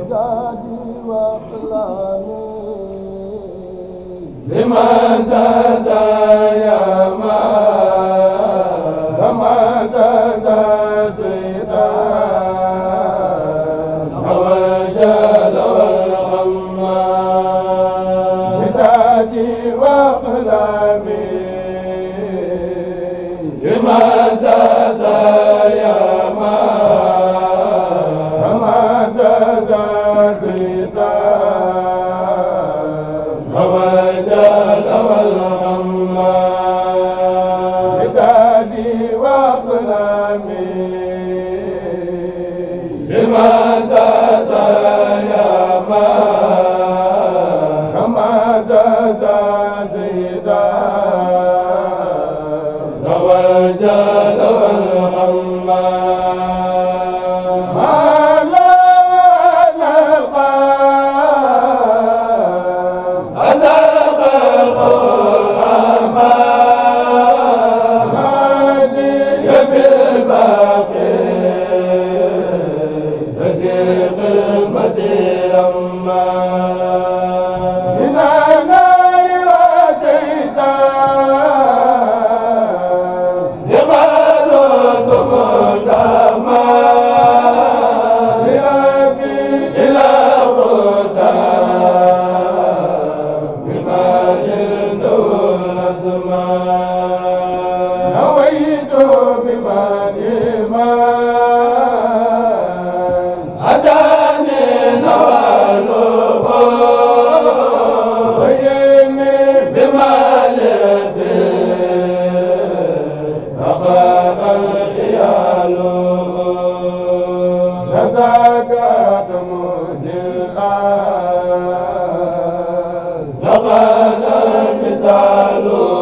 دادي وقلامي لمن تدعو لمن misalu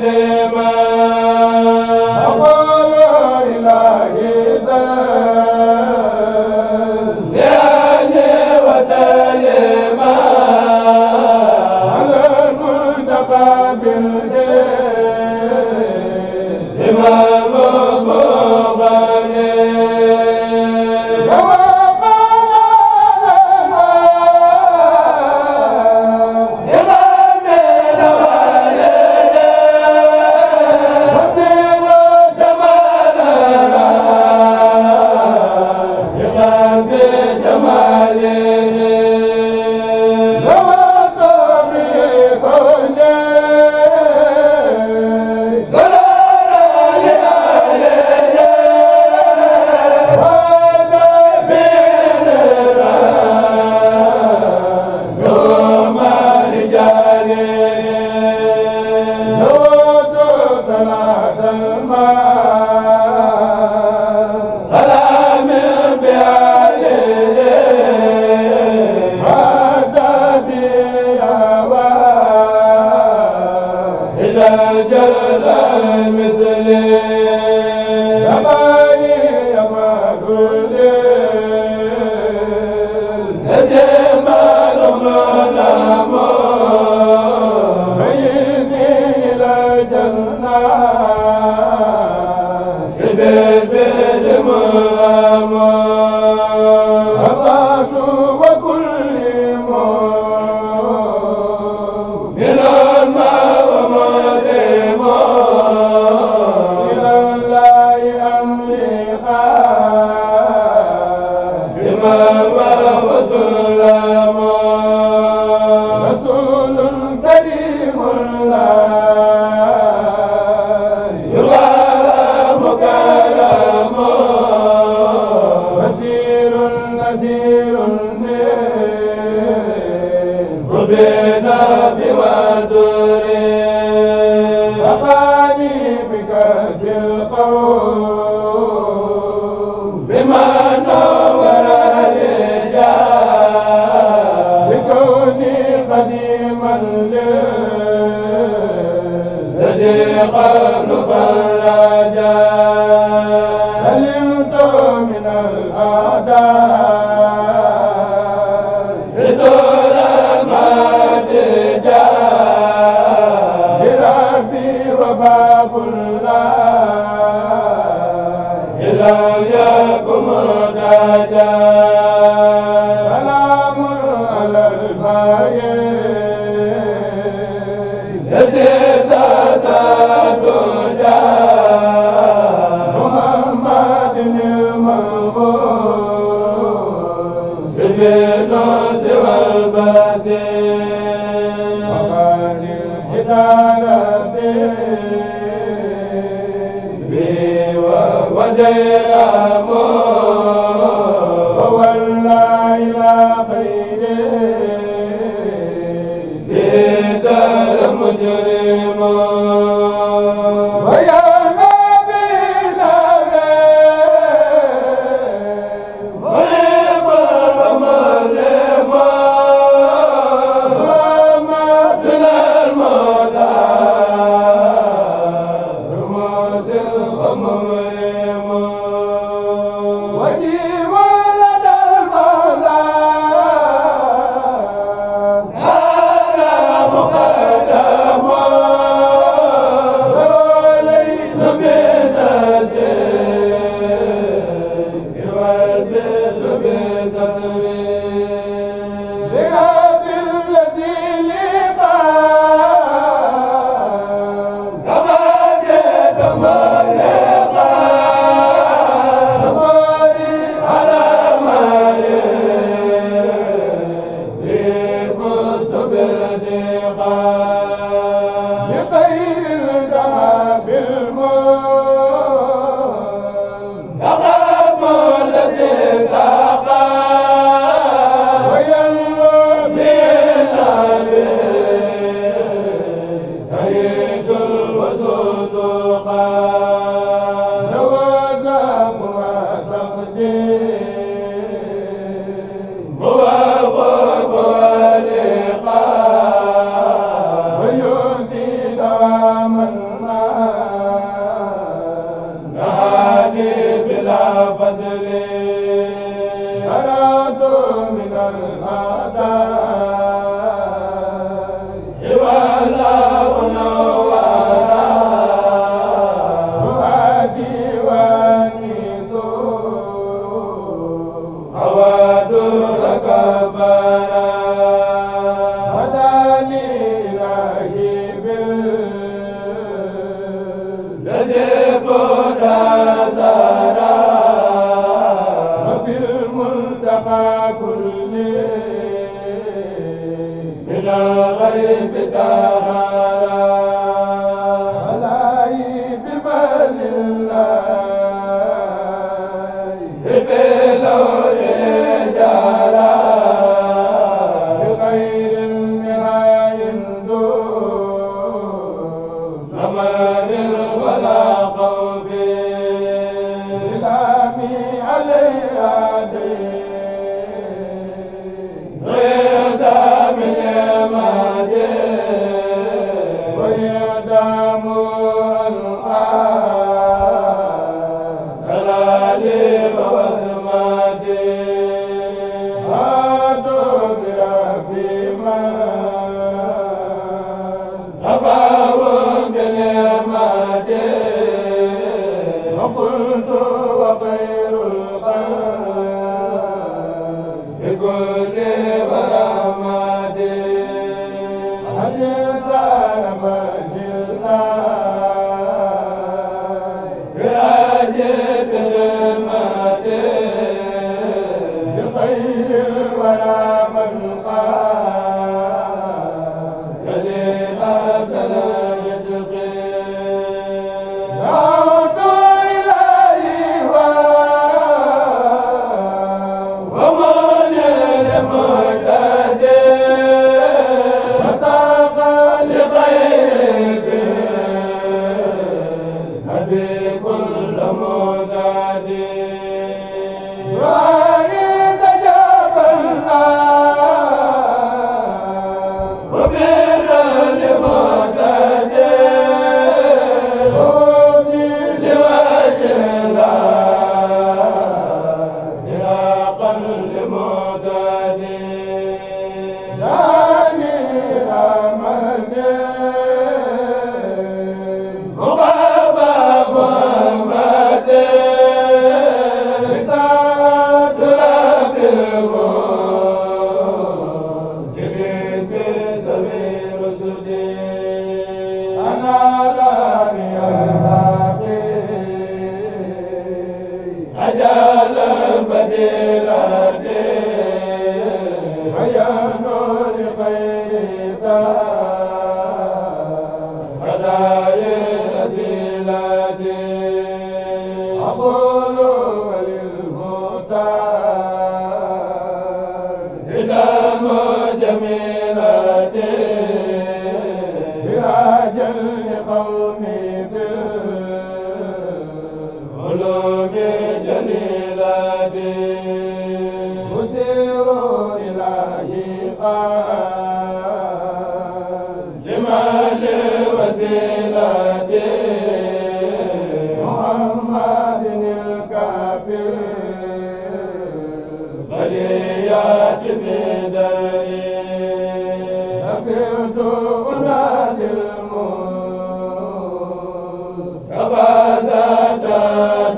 de Baba jërëjëf Amen. Amen ولا Allah Allah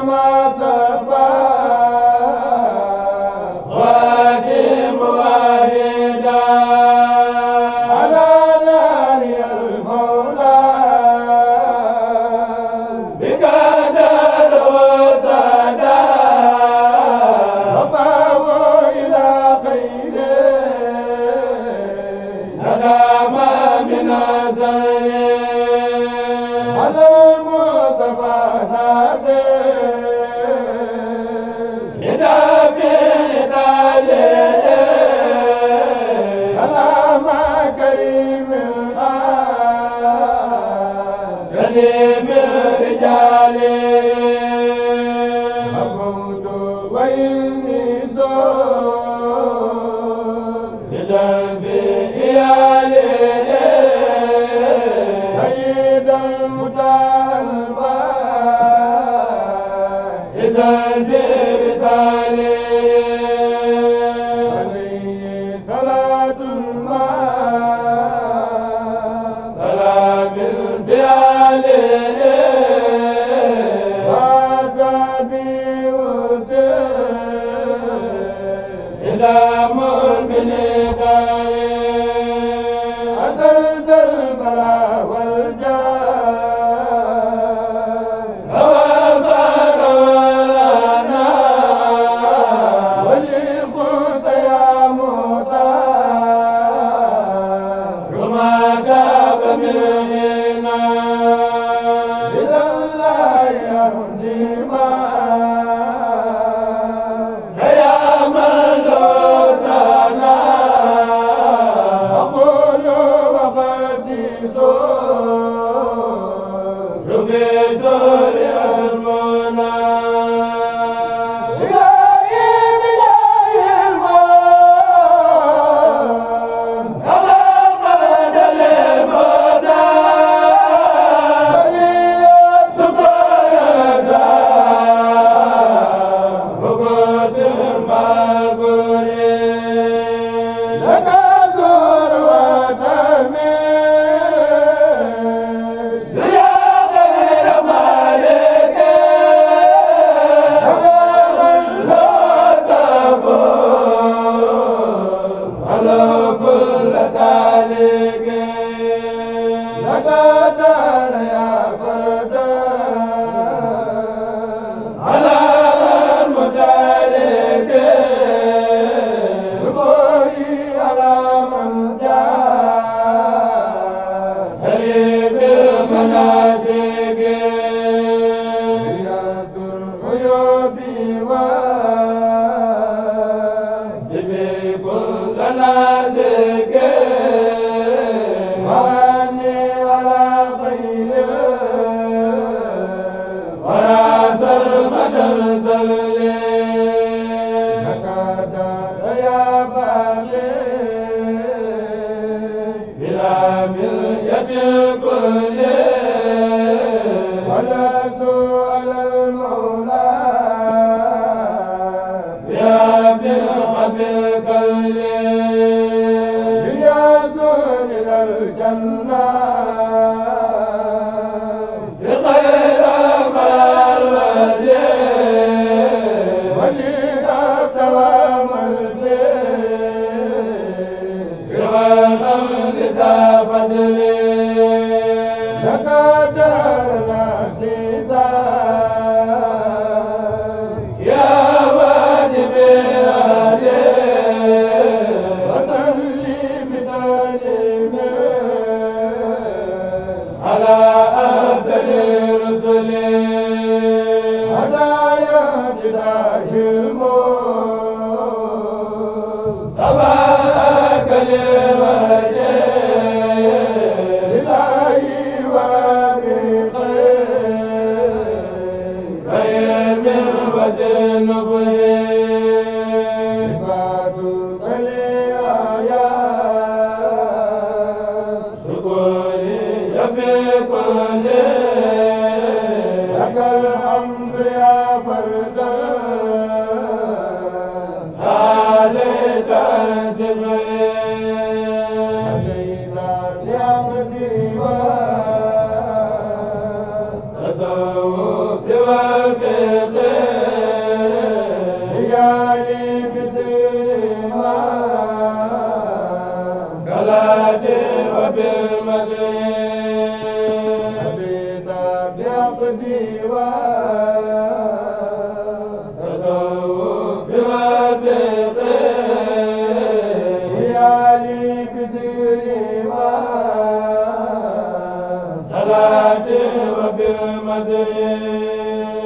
كما من رجاله